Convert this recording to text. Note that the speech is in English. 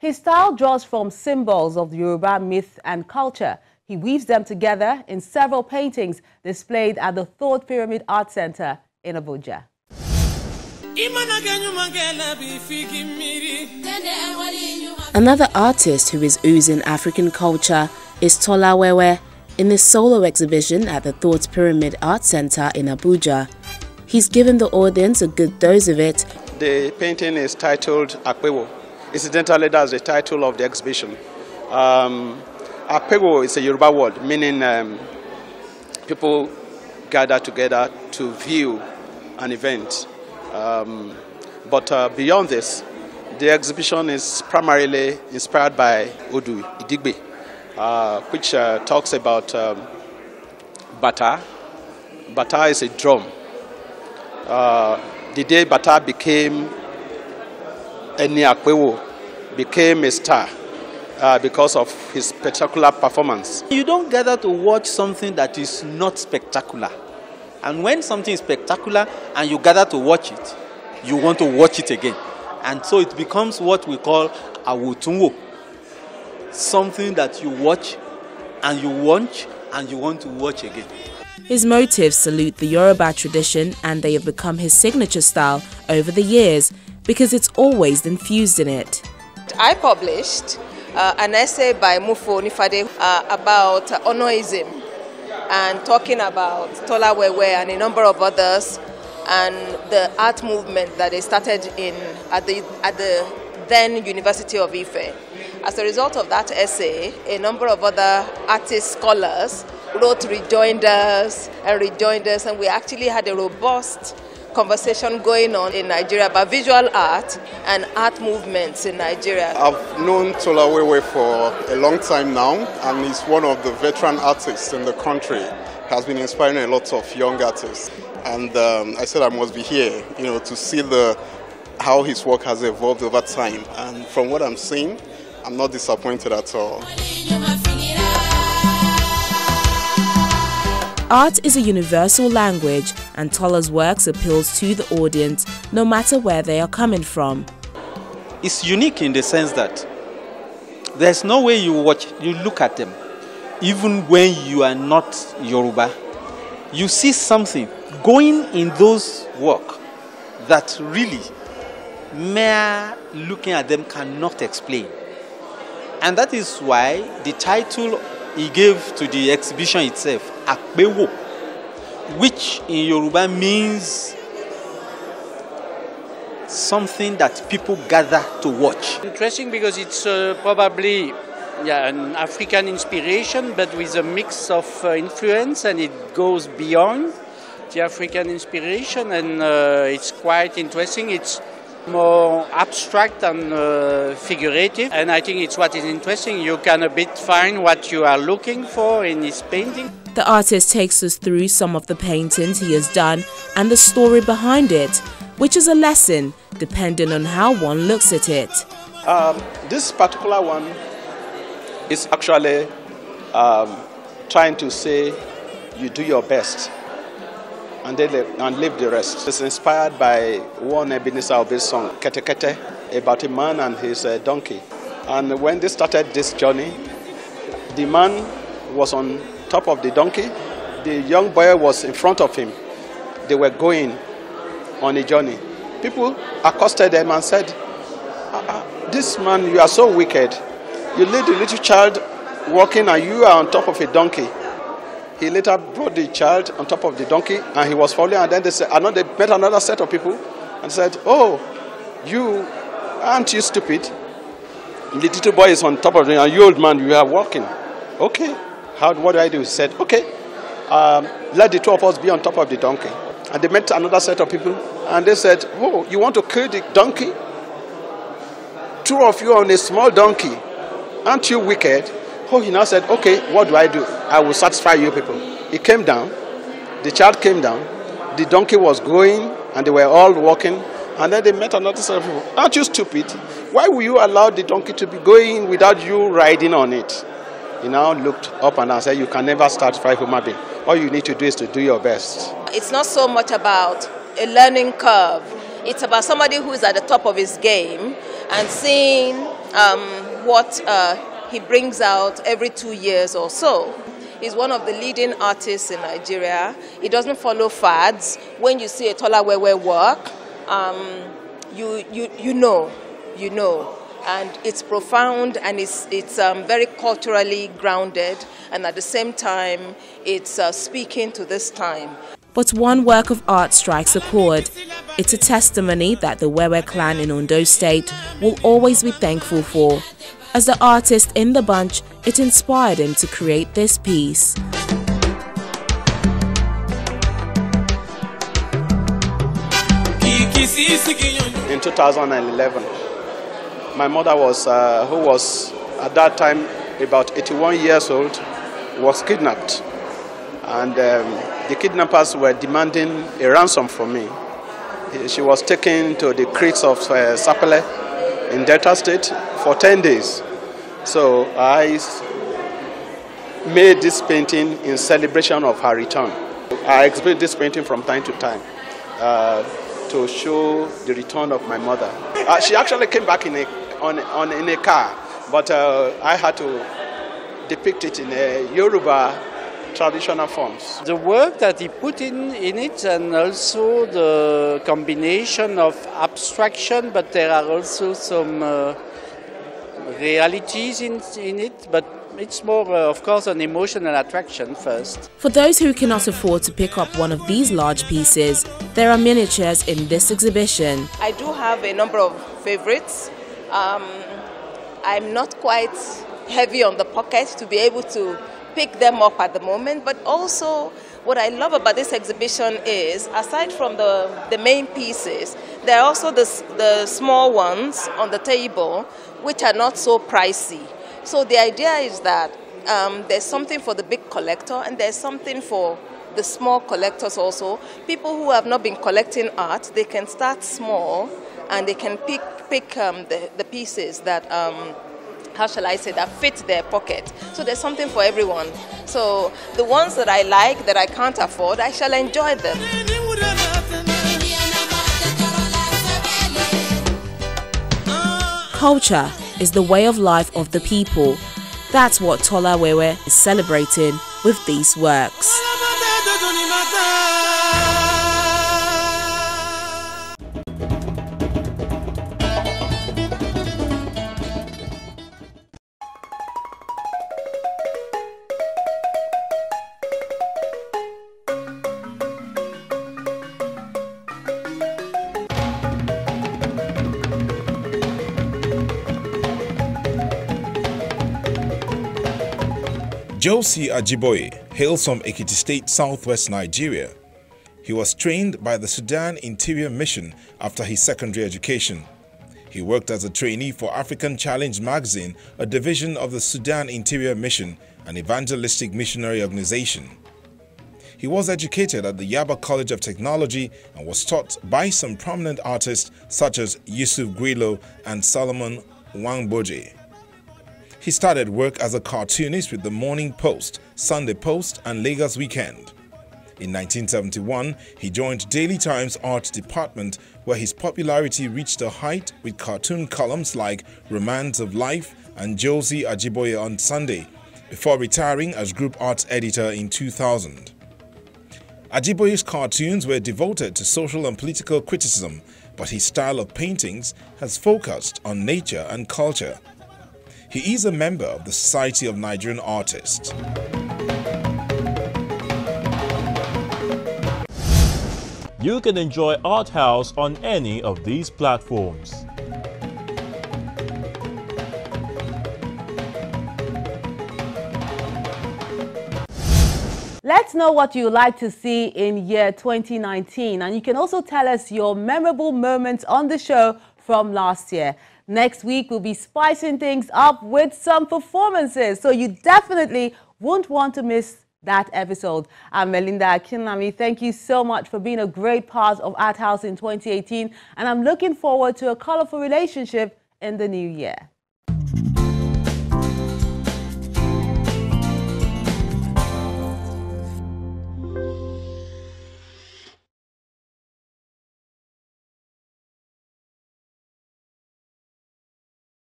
His style draws from symbols of the Yoruba myth and culture. He weaves them together in several paintings displayed at the Third Pyramid Art Center in Abuja. Another artist who is oozing African culture is Tolawewe in this solo exhibition at the Thought Pyramid Art Center in Abuja. He's given the audience a good dose of it. The painting is titled Akwewo, Incidentally, that's the title of the exhibition. Um, Apego is a Yoruba word meaning um, people gather together to view an event. Um, but uh, beyond this, the exhibition is primarily inspired by Odu Idigbe, uh, which uh, talks about um, Bata. Bata is a drum. Uh, the day Bata became Eni Akwewo became a star uh, because of his spectacular performance. You don't gather to watch something that is not spectacular. And when something is spectacular and you gather to watch it, you want to watch it again. And so it becomes what we call a awotunwo. Something that you watch and you watch and you want to watch again. His motifs salute the Yoruba tradition and they have become his signature style over the years because it's always infused in it. I published uh, an essay by Mufu Nifade uh, about Onoism and talking about Tola Wewe and a number of others and the art movement that they started in at the, at the then University of Ife. As a result of that essay, a number of other artist scholars wrote rejoinders and rejoinders, and we actually had a robust conversation going on in Nigeria about visual art and art movements in Nigeria. I've known Tola Wewe for a long time now, and he's one of the veteran artists in the country. Has been inspiring a lot of young artists, and um, I said I must be here, you know, to see the how his work has evolved over time. And from what I'm seeing, I'm not disappointed at all. Art is a universal language and Toller's works appeals to the audience no matter where they are coming from. It's unique in the sense that there's no way you watch, you look at them, even when you are not Yoruba, you see something going in those work that really mere looking at them cannot explain. And that is why the title he gave to the exhibition itself Akbewo, which in Yoruba means something that people gather to watch. Interesting because it's uh, probably yeah, an African inspiration, but with a mix of uh, influence, and it goes beyond the African inspiration, and uh, it's quite interesting. It's more abstract and uh, figurative, and I think it's what is interesting. You can a bit find what you are looking for in this painting. The artist takes us through some of the paintings he has done and the story behind it, which is a lesson depending on how one looks at it. Um, this particular one is actually um, trying to say you do your best and, they live, and leave the rest. It's inspired by one Ebenezer Obey's song, Kete Kete, about a man and his uh, donkey. And when they started this journey, the man was on top of the donkey. The young boy was in front of him. They were going on a journey. People accosted them and said, ah, ah, This man, you are so wicked. You lead a little child walking and you are on top of a donkey. He later brought the child on top of the donkey and he was falling. And then they, said, another, they met another set of people and said, Oh, you aren't you stupid? The little boy is on top of me, and you old man, you are walking. Okay. How, what do I do? He said, okay, um, let the two of us be on top of the donkey. And they met another set of people, and they said, oh, you want to kill the donkey? Two of you on a small donkey. Aren't you wicked? Oh, he now said, okay, what do I do? I will satisfy you people. He came down. The child came down. The donkey was going, and they were all walking. And then they met another set of people. Aren't you stupid? Why will you allow the donkey to be going without you riding on it? He now looked up and I said, You can never satisfy human being. All you need to do is to do your best. It's not so much about a learning curve, it's about somebody who is at the top of his game and seeing um, what uh, he brings out every two years or so. He's one of the leading artists in Nigeria. He doesn't follow fads. When you see a Tola Wewe work, um, you, you, you know, you know and it's profound and it's, it's um, very culturally grounded and at the same time it's uh, speaking to this time. But one work of art strikes a chord. It's a testimony that the Wewe clan in Ondo State will always be thankful for. As the artist in the bunch, it inspired him to create this piece. In 2011, my mother was, uh, who was at that time about 81 years old, was kidnapped, and um, the kidnappers were demanding a ransom for me. She was taken to the creeks of uh, Sapele in Delta State for 10 days. So I made this painting in celebration of her return. I exhibit this painting from time to time uh, to show the return of my mother. Uh, she actually came back in a on, on in a car, but uh, I had to depict it in a Yoruba traditional forms. The work that he put in, in it and also the combination of abstraction, but there are also some uh, realities in, in it, but it's more, uh, of course, an emotional attraction first. For those who cannot afford to pick up one of these large pieces, there are miniatures in this exhibition. I do have a number of favorites um, I'm not quite heavy on the pocket to be able to pick them up at the moment, but also what I love about this exhibition is, aside from the, the main pieces, there are also the, the small ones on the table, which are not so pricey. So the idea is that um, there's something for the big collector and there's something for the small collectors also, people who have not been collecting art, they can start small and they can pick, pick um, the, the pieces that, um, how shall I say, that fit their pocket. So there's something for everyone. So the ones that I like, that I can't afford, I shall enjoy them. Culture is the way of life of the people. That's what Tola Wewe is celebrating with these works. لدن متاع Josie Ajiboye hails from Ekiti State, southwest Nigeria. He was trained by the Sudan Interior Mission after his secondary education. He worked as a trainee for African Challenge magazine, a division of the Sudan Interior Mission, an evangelistic missionary organization. He was educated at the Yaba College of Technology and was taught by some prominent artists such as Yusuf Grillo and Solomon Wangboje. He started work as a cartoonist with the Morning Post, Sunday Post, and Lagos Weekend. In 1971, he joined Daily Times art department where his popularity reached a height with cartoon columns like Romance of Life and Josie Ajiboye on Sunday, before retiring as group arts editor in 2000. Ajiboye's cartoons were devoted to social and political criticism, but his style of paintings has focused on nature and culture. He is a member of the Society of Nigerian Artists. You can enjoy Art House on any of these platforms. Let's know what you like to see in year 2019 and you can also tell us your memorable moments on the show from last year. Next week, we'll be spicing things up with some performances, so you definitely won't want to miss that episode. I'm Melinda Akinlami. Thank you so much for being a great part of Art House in 2018, and I'm looking forward to a colorful relationship in the new year.